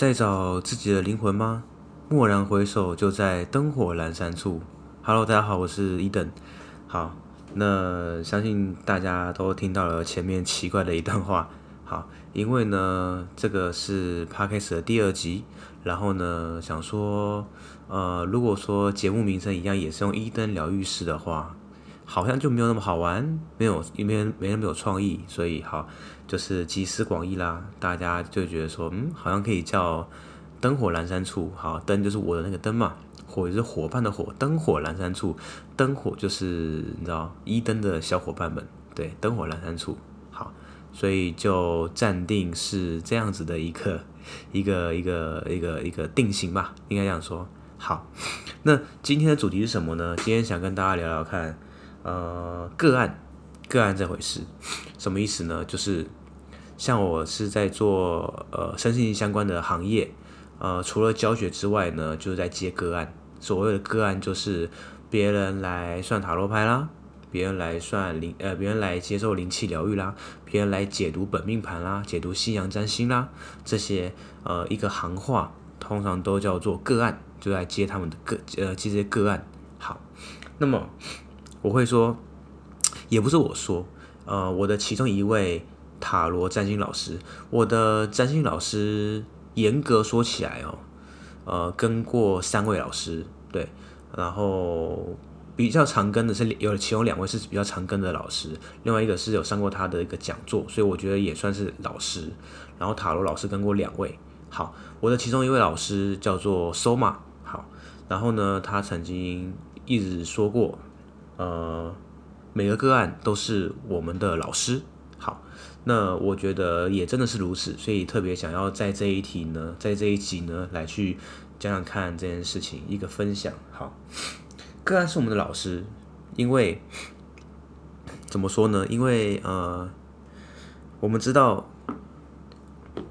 在找自己的靈魂嗎？驀然回首，就在燈火闌珊處。Hello，大家好，我是伊登。好，那相信大家都聽到了前面奇怪的一段話。好，因為呢，這個是 podcast 的第二集。然後呢，想說，呃，如果說節目名稱一樣，也是用伊登療癒式的話。好像就沒有那麼好玩，沒有，因為沒那麼有，有創意，所以好，就是集思廣益啦。大家就覺得說，嗯，好像可以叫“燈火闌珊處”。好，燈就是我的那個燈嘛，火就是夥伴的火，“燈火闌珊處”，燈火就是你知道一燈的小夥伴們，對，“燈火闌珊處”。好，所以就暫定是這樣子的一個一個一個一個一個，一個定型吧，應該這樣說。好，那今天的主題是什麼呢？今天想跟大家聊聊看。呃，個案，個案這回事，什麼意思呢？就是像我是在做呃身心相關的行業，呃，除了教學之外呢，就是在接個案。所謂的個案，就是別人來算塔羅牌啦，別人來算靈呃，別人來接受靈氣療癒啦，別人來解讀本命盤啦，解讀西洋占星啦，這些呃一個行話，通常都叫做個案，就在接他們的個呃接這些個案。好，那麼。我會說，也不是我說，呃，我的其中一位塔羅占星老師，我的占星老師嚴格說起來哦，呃，跟過三位老師，對，然後比較常跟的是有其中兩位是比較常跟的老師，另外一個是有上過他的一個講座，所以我覺得也算是老師。然後塔羅老師跟過兩位，好，我的其中一位老師叫做 Soma，好，然後呢，他曾經一直說過。呃，每個個案都是我們的老師。好，那我覺得也真的是如此，所以特別想要在這一題呢，在這一集呢，來去講講看這件事情，一個分享。好，個案是我們的老師，因為怎麼說呢？因為呃，我們知道，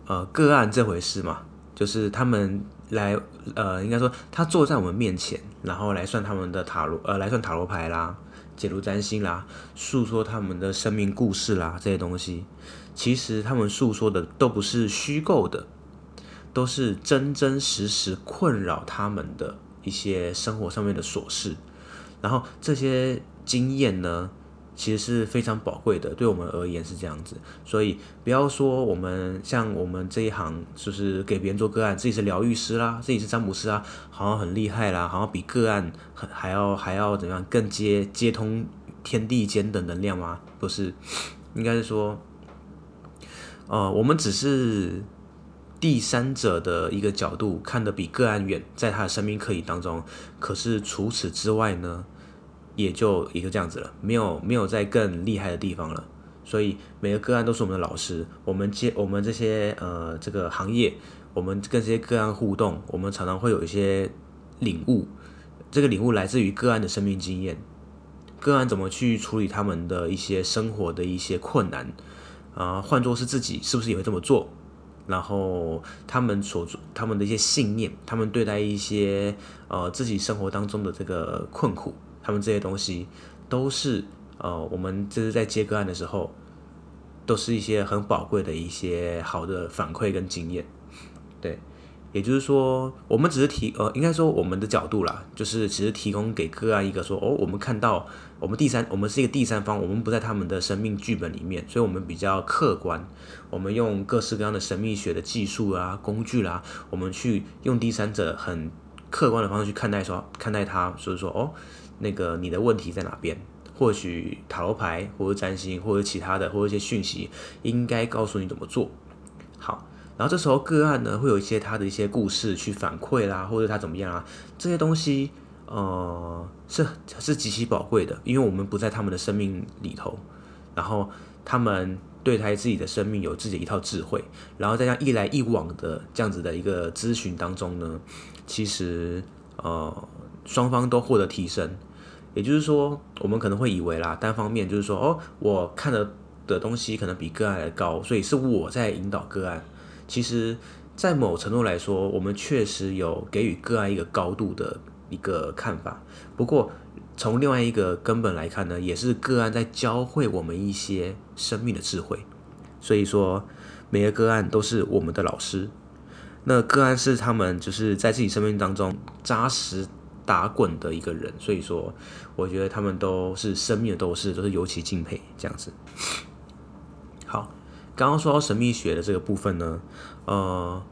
呃，個案這回事嘛，就是他們。來，呃，應該說，他坐在我們面前，然後來算他們的塔羅，呃，來算塔羅牌啦，解讀占星啦，訴說他們的生命故事啦，這些東西，其實他們訴說的都不是虛構的，都是真真實實困擾他們的一些生活上面的瑣事，然後這些經驗呢，其實是非常寶貴的，對我們而言是這樣子，所以不要說我們像我們這一行，就是給別人做個案，自己是療癒師啦，自己是占卜師啊，好像很厲害啦，好像比個案很還要還要怎麼樣，更接接通天地間的能量嗎？不是，應該是說，呃，我們只是第三者的一個角度，看得比個案遠，在他的生命課題當中。可是除此之外呢？也就也就這樣子了，沒有沒有再更厲害的地方了。所以每個個案都是我們的老師，我們接我們這些呃這個行業，我們跟這些個案互動，我們常常會有一些領悟。這個領悟來自於個案的生命經驗，個案怎麼去處理他們的一些生活的一些困難啊？呃，換作是自己，是不是也會這麼做？然後他們所做他們的一些信念，他們對待一些呃自己生活當中的這個困苦。他們這些東西都是呃，我們這是在接個案的時候，都是一些很寶貴的一些好的反饋跟經驗。對，也就是說，我們只是提呃，應該說我們的角度啦，就是只是提供給個案一個說哦，我們看到我們第三，我們是一個第三方，我們不在他們的生命劇本裡面，所以我們比較客觀。我們用各式各樣的神秘學的技術啊、工具啦、啊，我們去用第三者很客觀的方式去看待說看待他，所以說哦。那個你的問題在哪邊？或許塔羅牌，或者占星，或者其他的，或者一些訊息，應該告訴你怎麼做好。然後這時候個案呢，會有一些他的一些故事去反饋啦，或者他怎麼樣啊？這些東西呃，是是極其寶貴的，因為我們不在他們的生命裡頭，然後他們對他自己的生命有自己的一套智慧。然後在這樣一來一往的這樣子的一個諮詢當中呢，其實呃，雙方都獲得提升。也就是說，我們可能會以為啦，單方面就是說，哦，我看的的東西可能比個案還高，所以是我在引導個案。其實，在某程度來說，我們確實有給予個案一個高度的一個看法。不過，從另外一個根本來看呢，也是個案在教會我們一些生命的智慧。所以說，每個個案都是我們的老師。那個案是他們就是在自己生命當中扎實打滾的一個人，所以說，我覺得他們都是生命的鬥士，都、就是尤其敬佩這樣子。好，剛剛說到神秘學的這個部分呢，呃，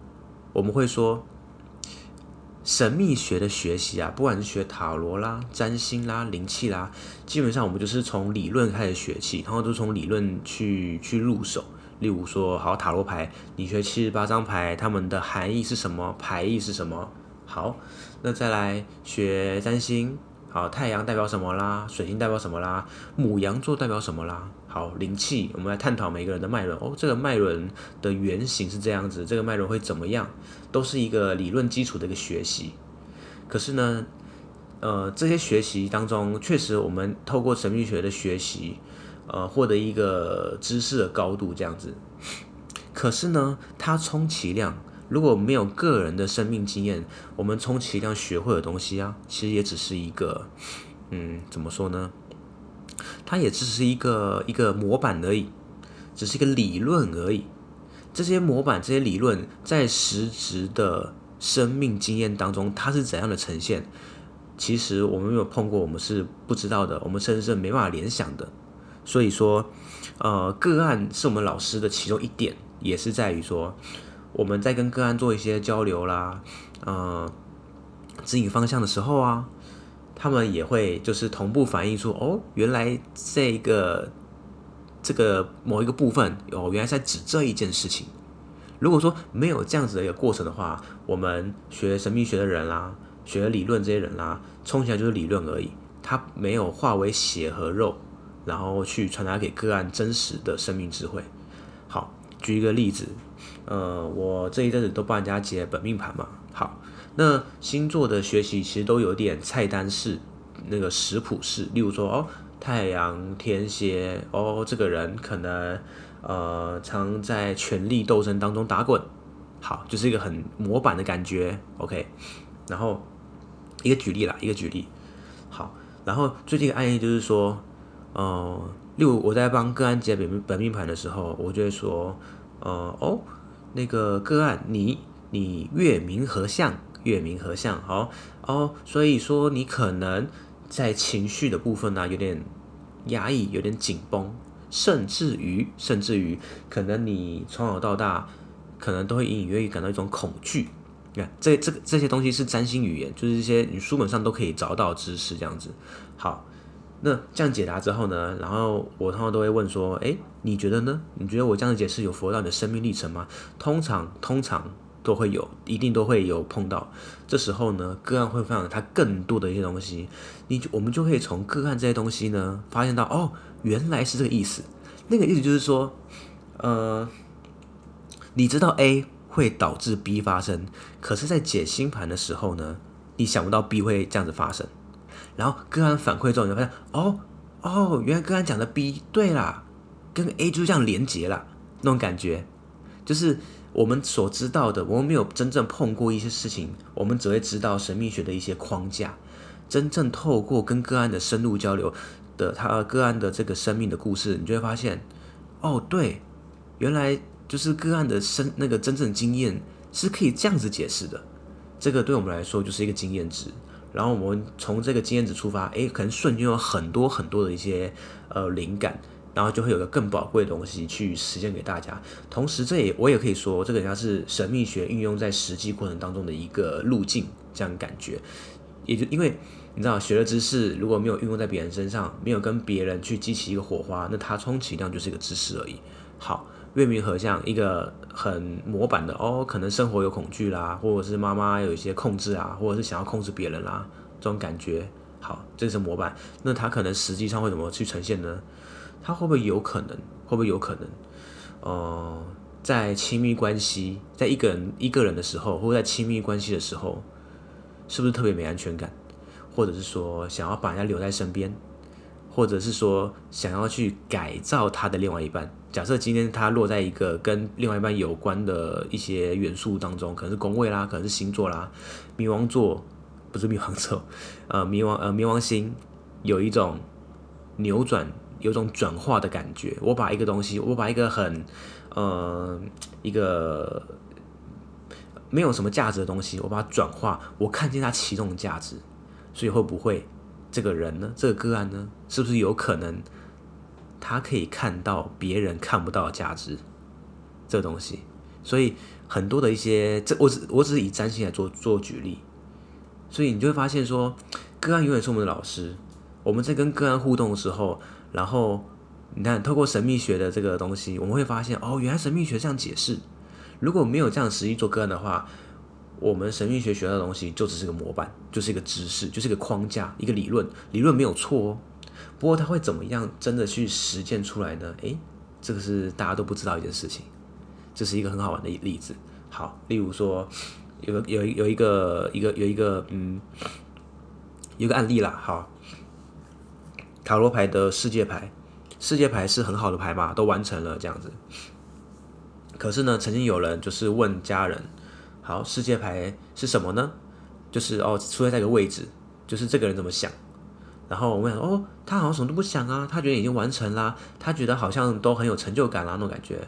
我們會說，神秘學的學習啊，不管是學塔羅啦、占星啦、靈氣啦，基本上我們就是從理論開始學起，然後就從理論去去入手。例如說，好，塔羅牌，你學七十八張牌，它們的含義是什麼？牌意是什麼？好。那再來學占星，好，太陽代表什麼啦？水星代表什麼啦？牡羊座代表什麼啦？好，靈氣，我們來探討每個人的脈輪。哦，這個脈輪的原型是這樣子，這個脈輪會怎麼樣？都是一個理論基礎的一個學習。可是呢，呃，這些學習當中，確實我們透過神秘學的學習，呃，獲得一個知識的高度這樣子。可是呢，它充其量。如果沒有個人的生命經驗，我們充其量學會的東西啊，其實也只是一個，嗯，怎麼說呢？它也只是一個一個模板而已，只是一個理論而已。這些模板、這些理論，在實質的生命經驗當中，它是怎樣的呈現？其實我們沒有碰過，我們是不知道的，我們甚至是沒辦法聯想的。所以說，呃，個案是我們老師的其中一點，也是在於說。我們在跟個案做一些交流啦，嗯，指引方向的時候啊，他們也會就是同步反映出哦，原來這個這個某一個部分，哦，原來是在指這一件事情。如果說沒有這樣子的一個過程的話，我們學神秘學的人啦，學理論這些人啦，衝起來就是理論而已，他沒有化為血和肉，然後去傳達給個案真實的生命智慧。好。舉一個例子，呃，我這一陣子都幫人家解本命盤嘛。好，那星座的學習其實都有點菜單式，那個食譜式。例如說，哦，太陽天蠍，哦，這個人可能呃，常在權力鬥爭當中打滾。好，就是一個很模板的感覺。OK，然後一個舉例啦，一個舉例。好，然後最近的個案例就是說，嗯、呃。例如，我在幫個案解本本命盤的時候，我就會說，呃，哦，那個個案，你你月冥合相，月冥合相，好、哦，哦，所以說你可能在情緒的部分呢、啊，有點壓抑，有點緊繃，甚至於甚至於，可能你從小到大，可能都會隱隱約約感到一種恐懼。你看，這這這些東西是占星語言，就是一些你書本上都可以找到知識，這樣子，好。那這樣解答之後呢，然後我通常都會問說：“哎，你覺得呢？你覺得我這樣的解釋有符合到你的生命歷程嗎？”通常，通常都會有，一定都會有碰到。這時候呢，個案會分享它更多的一些東西，你我們就可以從個案這些東西呢，發現到哦，原來是這個意思。那個意思就是說，呃，你知道 A 會導致 B 發生，可是在解星盤的時候呢，你想不到 B 會這樣子發生。然後個案反饋之後，你就會發現哦哦，原來個案講的 B 對啦，跟 A 就這樣連結啦，那種感覺，就是我們所知道的，我們沒有真正碰過一些事情，我們只會知道神秘學的一些框架。真正透過跟個案的深入交流的他個案的這個生命的故事，你就會發現哦，對，原來就是個案的生那個真正經驗是可以這樣子解釋的，這個對我們來說就是一個經驗值。然後我們從這個經驗值出發，誒，可能瞬間有很多很多的一些呃靈感，然後就會有個更寶貴的東西去實現給大家。同時，這也我也可以說，這個人家是神秘學運用在實際過程當中的一個路徑，這樣感覺。也就因為你知道，學了知識如果沒有運用在別人身上，沒有跟別人去激起一個火花，那它充其量就是一個知識而已。好。月冥合像一個很模板的哦，可能生活有恐懼啦，或者是媽媽有一些控制啊，或者是想要控制別人啦，這種感覺。好，這是模板。那他可能實際上會怎麼去呈現呢？他會不會有可能？會不會有可能？哦、呃，在親密關係，在一個人一個人的時候，或者在親密關係的時候，是不是特別沒安全感？或者是說想要把人家留在身邊？或者是說想要去改造他的另外一半？假設今天它，落在一個跟另外一半有關的一些元素當中，可能是宮位啦，可能是星座啦，冥王座，不是冥王座，呃，冥王呃冥王星有一種扭轉，有一種轉化的感覺。我把一個東西，我把一個很呃一個沒有什麼價值的東西，我把它轉化，我看見它其中的價值。所以會不會這個人呢？這個個案呢？是不是有可能？他可以看到別人看不到的價值，這個東西，所以很多的一些這我只我只是以占星來做做舉例，所以你就會發現說個案永遠是我們的老師，我們在跟個案互動的時候，然後你看，透過神秘學的這個東西，我們會發現哦，原來神秘學這樣解釋，如果沒有這樣實際做個案的話，我們神秘學學到的東西就只是個模板，就是一個知識，就是一個框架，一個理論，理論沒有錯哦。不過他會怎麼樣真的去實踐出來呢？誒，這個是大家都不知道一件事情，這是一個很好玩的例子。好，例如說，有有有一個一個有一個嗯，一個案例啦。好，塔羅牌的世界牌，世界牌是很好的牌嘛，都完成了這樣子。可是呢，曾經有人就是問家人，好，世界牌是什麼呢？就是哦，出現在一個位置，就是這個人怎麼想。然後我問哦，他好像什麼都不想啊，他覺得已經完成啦，他覺得好像都很有成就感啦、啊、那種感覺。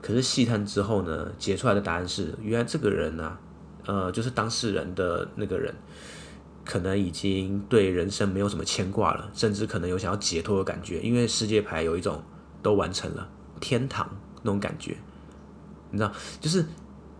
可是細探之後呢，解出來的答案是，原來這個人吶、啊、呃，就是當事人的那個人，可能已經對人生沒有什麼牽掛了，甚至可能有想要解脫的感覺，因為世界牌有一種都完成了天堂那種感覺，你知道，就是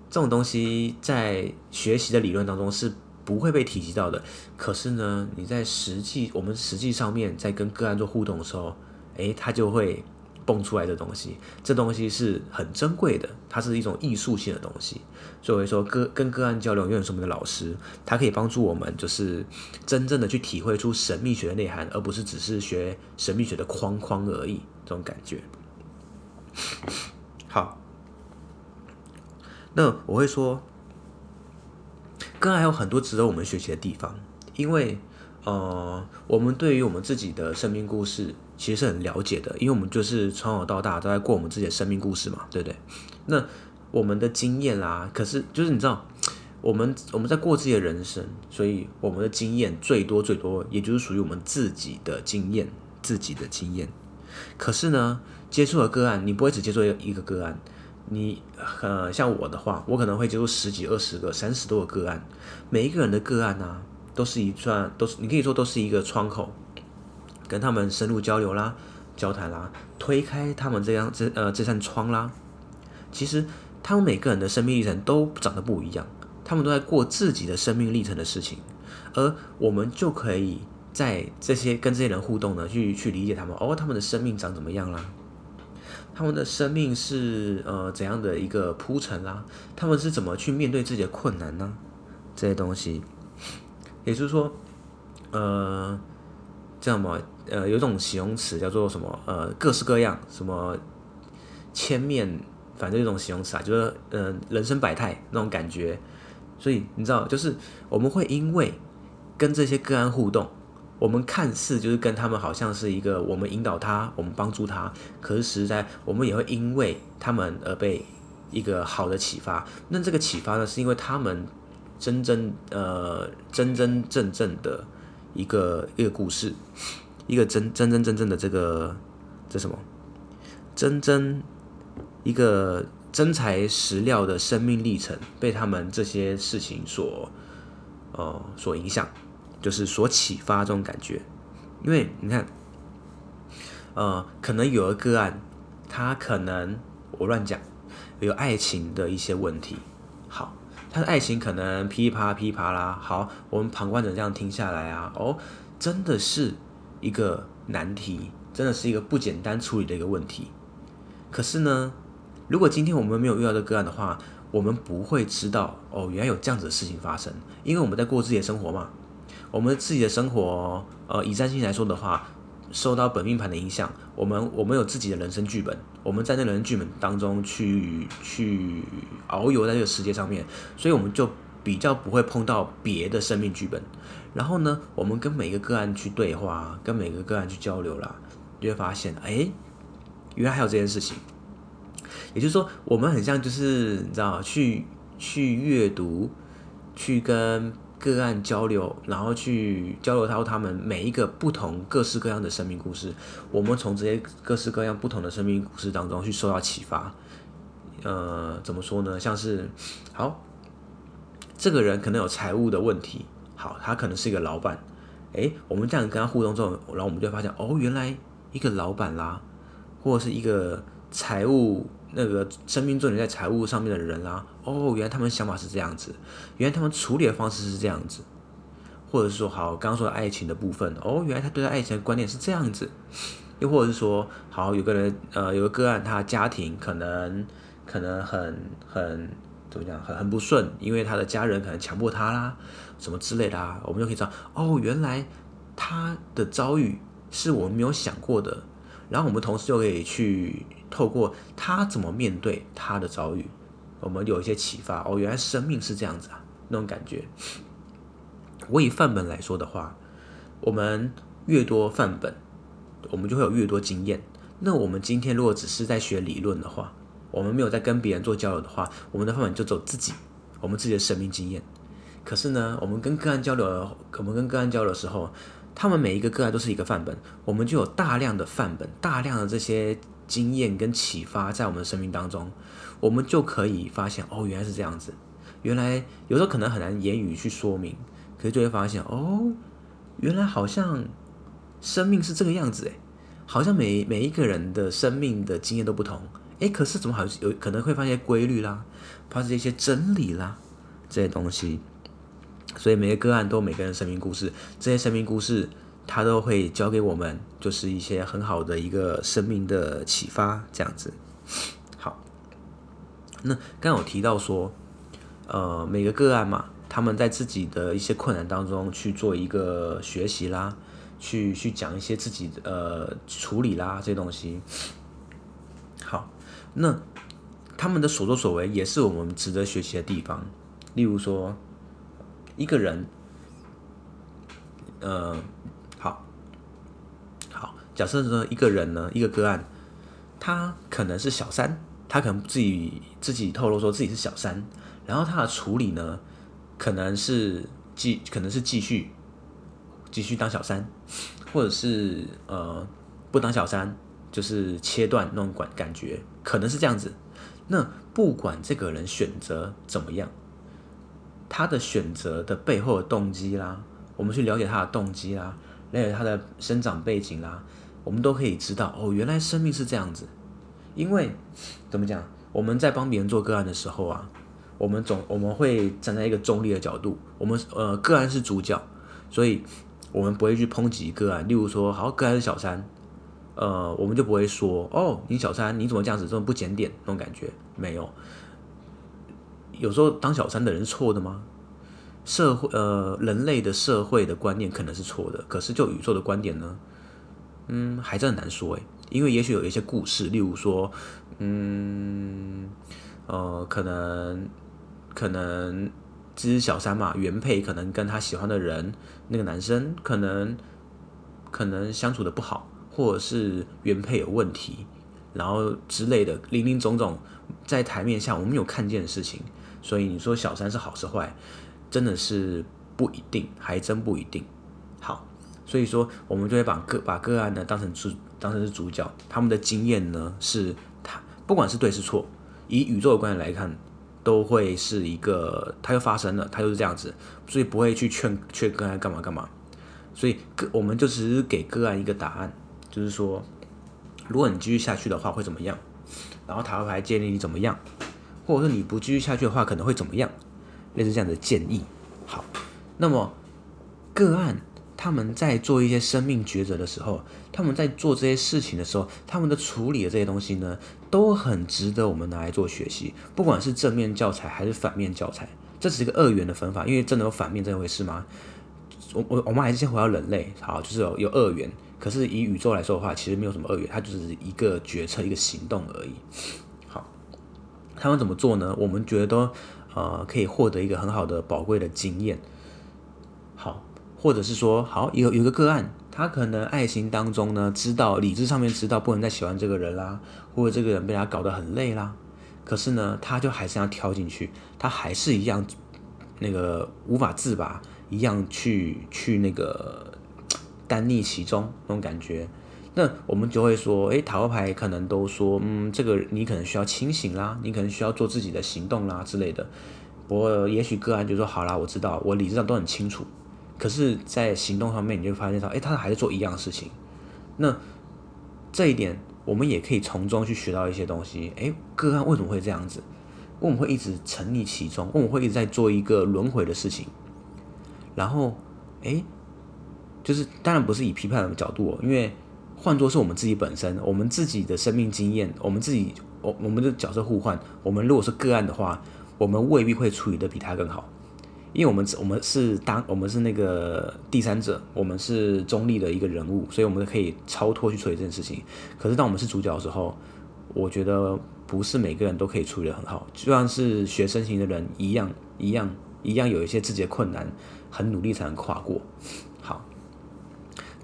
這種東西在學習的理論當中是。不會被提及到的，可是呢，你在實際我們實際上面在跟個案做互動的時候，誒，它就會蹦出來的東西，這東西是很珍貴的，它是一種藝術性的東西。所以說，跟，跟個案交流，永遠是我們的老師，他可以幫助我們，就是真正的去體會出神秘學的內涵，而不是只是學神秘學的框框而已。這種感覺。好，那我會說。剛還有很多值得我們學習的地方，因為呃，我們對於我們自己的生命故事其實是很了解的，因為我們就是從小到大都在過我們自己的生命故事嘛，對不對？那我們的經驗啦、啊，可是就是你知道，我們我們在過自己的人生，所以我們的經驗最多最多也就是屬於我們自己的經驗，自己的經驗。可是呢，接觸的個案，你不會只接觸一個個案。你呃，像我的話，我可能會接觸十幾、二十個、三十多個個案，每一個人的個案呢、啊，都是一串，都是你可以說都是一個窗口，跟他們深入交流啦、交談啦，推開他們這樣這呃這扇窗啦。其實他們每個人的生命歷程都長得不一樣，他們都在過自己的生命歷程的事情，而我們就可以在這些跟這些人互動呢，去去理解他們，哦，他們的生命長怎麼樣啦？他們的生命是呃怎樣的一個鋪陳啦？他們是怎麼去面對自己的困難呢、啊？這些東西，也就是說，呃，叫什麼？呃，有一種形容詞叫做什麼？呃，各式各樣，什麼千面，反正一種形容詞啊，就是呃人生百態那種感覺。所以你知道，就是我們會因為跟這些個案互動。我們看似就是跟他們好像是一個，我們引導他，我們幫助他，可是實在我們也會因為他們而被一個好的啟發。那這個啟發呢，是因為他們真真呃真真正正的一個一個故事，一個真真真正正的這個這什麼，真真一個真材實料的生命歷程，被他們這些事情所呃所影響。就是所啟發這種感覺，因為你看，呃，可能有個個案，他可能我亂講，有愛情的一些問題。好，他的愛情可能噼啪噼啪啦。好，我們旁觀者這樣聽下來啊，哦，真的是一個難題，真的是一個不簡單處理的一個問題。可是呢，如果今天我們沒有遇到這個個案的話，我們不會知道哦，原來有這樣子的事情發生，因為我們在過自己的生活嘛。我們自己的生活，呃，以占星來說的話，受到本命盤的影響。我們我們有自己的人生劇本，我們在那人生劇本當中去去遨遊在這個世界上面，所以我們就比較不會碰到別的生命劇本。然後呢，我們跟每個個案去對話，跟每個個案去交流啦，就會發現，哎，原來還有這件事情。也就是說，我們很像就是你知道，去去閱讀，去跟。個案交流，然後去交流到他們每一個不同、各式各樣的生命故事。我們從這些各式各樣不同的生命故事當中去受到啟發。呃，怎麼說呢？像是，好，這個人可能有財務的問題。好，他可能是一個老闆。誒，我們這樣跟他互動之後，然後我們就發現，哦，原來一個老闆啦，或者是一個財務。那個生命重點在財務上面的人啦，啊，哦，原來他們想法是這樣子，原來他們處理的方式是這樣子，或者是說，好，剛剛說的愛情的部分，哦，原來他對待愛情的觀念是這樣子，又或者是說，好，有個人，呃，有個個案，他的家庭可能可能很很怎麼講，很很不順，因為他的家人可能強迫他啦，什麼之類的啊，我們就可以知道，哦，原來他的遭遇是我們沒有想過的，然後我們同時就可以去。透過他怎麼面對他的遭遇，我們有一些啟發哦。原來生命是這樣子啊，那種感覺。我以範本來說的話，我們越多範本，我們就會有越多經驗。那我們今天如果只是在學理論的話，我們沒有在跟別人做交流的話，我們的範本就走自己，我們自己的生命經驗。可是呢，我們跟個案交流，我們跟個案交流的時候，他們每一個個案都是一個範本，我們就有大量的範本，大量的這些。經驗跟啟發在我們的生命當中，我們就可以發現哦，原來是這樣子。原來有時候可能很難言語去說明，可是就會發現哦，原來好像生命是這個樣子誒。好像每每一個人的生命的經驗都不同誒，可是怎麼好像有可能會發現規律啦，發現一些真理啦這些東西。所以每個個案都有每個人生命故事，這些生命故事，他都會教給我們，就是一些很好的一個生命的啟發，這樣子。好，那剛剛有提到說，呃，每個個案嘛，他們在自己的一些困難當中去做一個學習啦，去去講一些自己的呃處理啦這些東西。好，那他們的所作所為也是我們值得學習的地方。例如說，一個人，呃。假設說一個人呢，一個個案，他可能是小三，他可能自己自己透露說自己是小三，然後他的處理呢，可能是繼可能是繼續繼續當小三，或者是呃不當小三，就是切斷那種感感覺，可能是這樣子。那不管這個人選擇怎麼樣，他的選擇的背後的動機啦，我們去了解他的動機啦，了解他的生長背景啦。我們都可以知道哦，原來生命是這樣子，因為怎麼講？我們在幫別人做個案的時候啊，我們總我們會站在一個中立的角度，我們呃，個案是主角，所以我們不會去抨擊個案。例如說，好，個案是小三，呃，我們就不會說哦，你小三你怎麼這樣子，這麼不檢點那種感覺沒有。有時候當小三的人是錯的嗎？社會呃，人類的社會的觀念可能是錯的，可是就宇宙的觀點呢？嗯，還真的很難說，因為也許有一些故事，例如說，嗯，呃，可能，可能只是小三嘛，原配可能跟他喜歡的人，那個男生可能，可能相處的不好，或者是原配有問題，然後之類的，林林總總在台面下我沒有看見的事情，所以你說小三是好是壞，真的是不一定，還真不一定。好。所以說，我們就會把個把個案呢當成是當成是主角，他們的經驗呢是他不管是對是錯，以宇宙的觀點來看，都會是一個他又發生了，他就是這樣子，所以不會去勸勸個案幹嘛幹嘛，所以個我們就只是給個案一個答案，就是說，如果你繼續下去的話會怎麼樣，然後塔羅牌建議你怎麼樣，或者是你不繼續下去的話可能會怎麼樣，類似這樣的建議。好，那麼個案。他們在做一些生命抉擇的時候，他們在做這些事情的時候，他們的處理的這些東西呢，都很值得我們拿來做學習，不管是正面教材還是反面教材，這只是一個二元的分法，因為真的有反面這回事嗎？我我我們還是先回到人類，好，就是有有二元，可是以宇宙來說的話，其實沒有什麼二元，它就是一個決策、一個行動而已。好，他們怎麼做呢？我們覺得都呃可以獲得一個很好的寶貴的經驗。好。或者是說，好有有個個案，他可能愛情當中呢，知道理智上面知道不能再喜歡這個人啦，或者這個人被他搞得很累啦，可是呢，他就還是要跳進去，他還是一樣那個無法自拔，一樣去去那個耽溺其中那種感覺。那我們就會說，哎，塔羅牌可能都說，嗯，這個你可能需要清醒啦，你可能需要做自己的行動啦之類的。不過也許個案就說，好啦，我知道我理智上都很清楚。可是，在行動上面，你就會發現到，哎、欸，他還是做一樣事情。那這一點，我們也可以從中去學到一些東西。哎、欸，個案為什麼會這樣子？我們會一直沉溺其中，我們會一直在做一個輪迴的事情。然後，哎、欸，就是當然不是以批判的角度喔，因為換作是我們自己本身，我們自己的生命經驗，我們自己，我我們的角色互換，我們如果是個案的話，我們未必會處理的比他更好。因為我們我們是當我們是那個第三者，我們是中立的一個人物，所以我們可以超脫去處理這件事情。可是當我們是主角的時候，我覺得不是每個人都可以處理得很好，就像是學生型的人一樣，一樣，一樣有一些自己的困難，很努力才能跨過。好，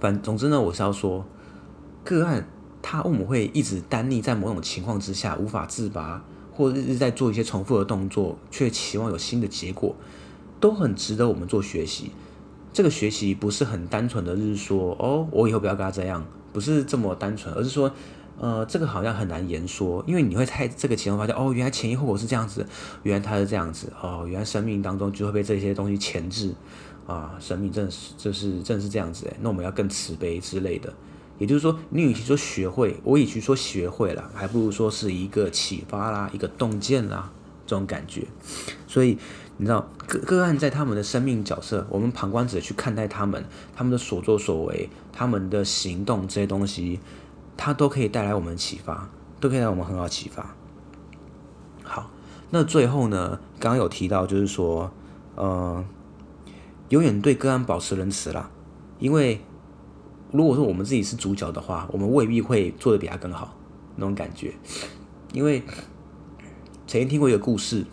反正總之呢，我是要說個案，他為什麼會一直耽溺在某種情況之下無法自拔，或日日在做一些重複的動作，卻期望有新的結果。都很值得我們做學習。這個學習不是很單純的就是說，哦，我以後不要跟他這樣，不是這麼單純，而是說，呃，這個好像很難言說，因為你會太這個情況，發現哦，原來前因後果是這樣子，原來他是這樣子，哦，原來生命當中就會被這些東西鉗制啊，生命正，正是這是正是這樣子哎，那我們要更慈悲之類的。也就是說，你與其說學會，我與其說學會了，還不如說是一個啟發啦，一個洞見啦，這種感覺。所以。你知道個個案在他們的生命角色，我們旁觀者去看待他們，他們的所作所為，他們的行動這些東西，它都可以帶來我們啟發，都可以讓我們很好啟發。好，那最後呢，剛剛有提到就是說，呃，永遠對個案保持仁慈啦，因為如果說我們自己是主角的話，我們未必會做得比他更好，那種感覺。因為曾經聽過一個故事。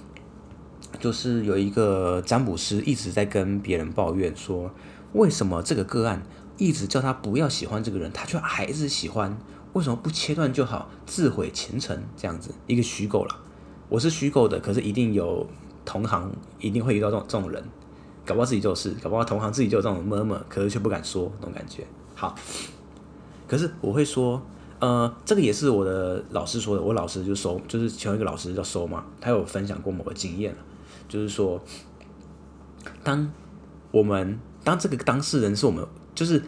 就是有一個占卜師一直在跟別人抱怨說，為什麼這個個案一直叫他不要喜歡這個人，他卻還是喜歡？為什麼不切斷就好？自毀前程這樣子一個虛構啦，我是虛構的，可是一定有同行一定會遇到這種這種人，搞不好自己就是，搞不好同行自己就有這種 murmur，可是卻不敢說那種感覺。好，可是我會說，呃，這個也是我的老師說的，我老師就收，就是其中一個老師叫收嘛，他有分享過某個經驗。就是說，當我們當這個當事人是我們，就是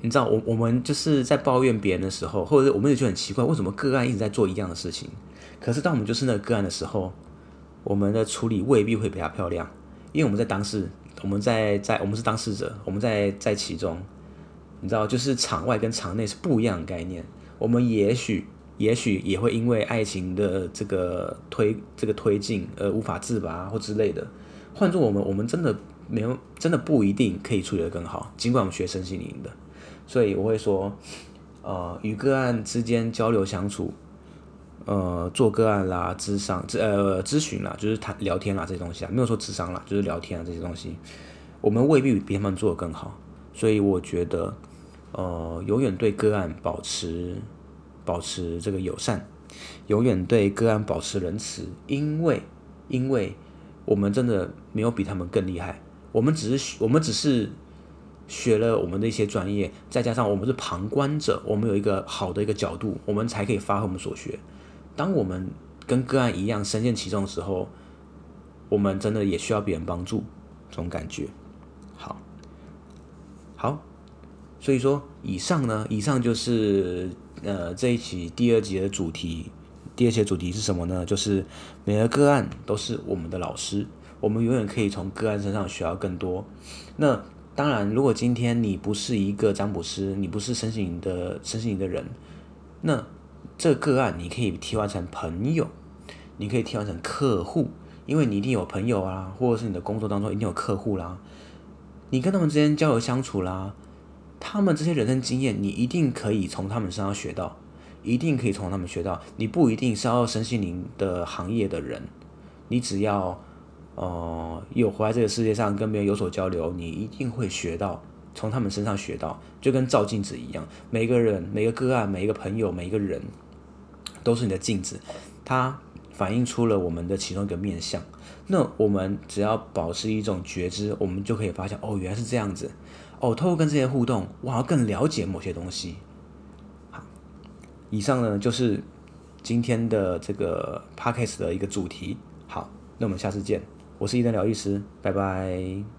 你知道，我我們就是在抱怨別人的時候，或者我們也覺得很奇怪，為什麼個案一直在做一樣的事情？可是當我們就是那個個案的時候，我們的處理未必會比較漂亮，因為我們在當事，我們在在我們是當事者，我們在在其中，你知道，就是場外跟場內是不一樣的概念，我們也許。也許也會因為愛情的這個推這個推進，呃，無法自拔或之類的。換作我們，我們真的沒有，真的不一定可以處理得更好。儘管我們學身心靈的，所以我會說，呃，與個案之間交流相處，呃，做個案啦，諮商，諮，呃，諮詢啦，就是談聊天啦，這些東西啊，沒有說諮商啦，就是聊天啊這些東西，我們未必比他們做得更好。所以我覺得，呃，永遠對個案保持。保持這個友善，永遠對個案保持仁慈，因為，因為我們真的沒有比他們更厲害，我們只是我們只是學了我們的一些專業，再加上我們是旁觀者，我們有一個好的一個角度，我們才可以發揮我們所學。當我們跟個案一樣身陷其中的時候，我們真的也需要別人幫助，這種感覺。好，好。所以說，以上呢，以上就是呃這一期第二集的主題。第二集的主題是什麼呢？就是每個個案都是我們的老師，我們永遠可以從個案身上學到更多。那當然，如果今天你不是一個占卜師，你不是神行的神行的人，那這個個案你可以替換成朋友，你可以替換成客戶，因為你一定有朋友啊，或者是你的工作當中一定有客戶啦，你跟他們之間交流相處啦。他們這些人生經驗，你一定可以從他們身上學到，一定可以從他們學到。你不一定是要身心靈的行業的人，你只要，呃，有活在這個世界上，跟別人有所交流，你一定會學到，從他們身上學到，就跟照鏡子一樣。每個人、每個個案、每一個朋友、每一個人，都是你的鏡子，它反映出了我們的其中一個面向。那我們只要保持一種覺知，我們就可以發現，哦，原來是這樣子。哦，透過跟這些互動，我好像要更了解某些東西。好，以上呢就是今天的這個 podcast 的一個主題。好，那我們下次見。我是伊登療癒師，拜拜。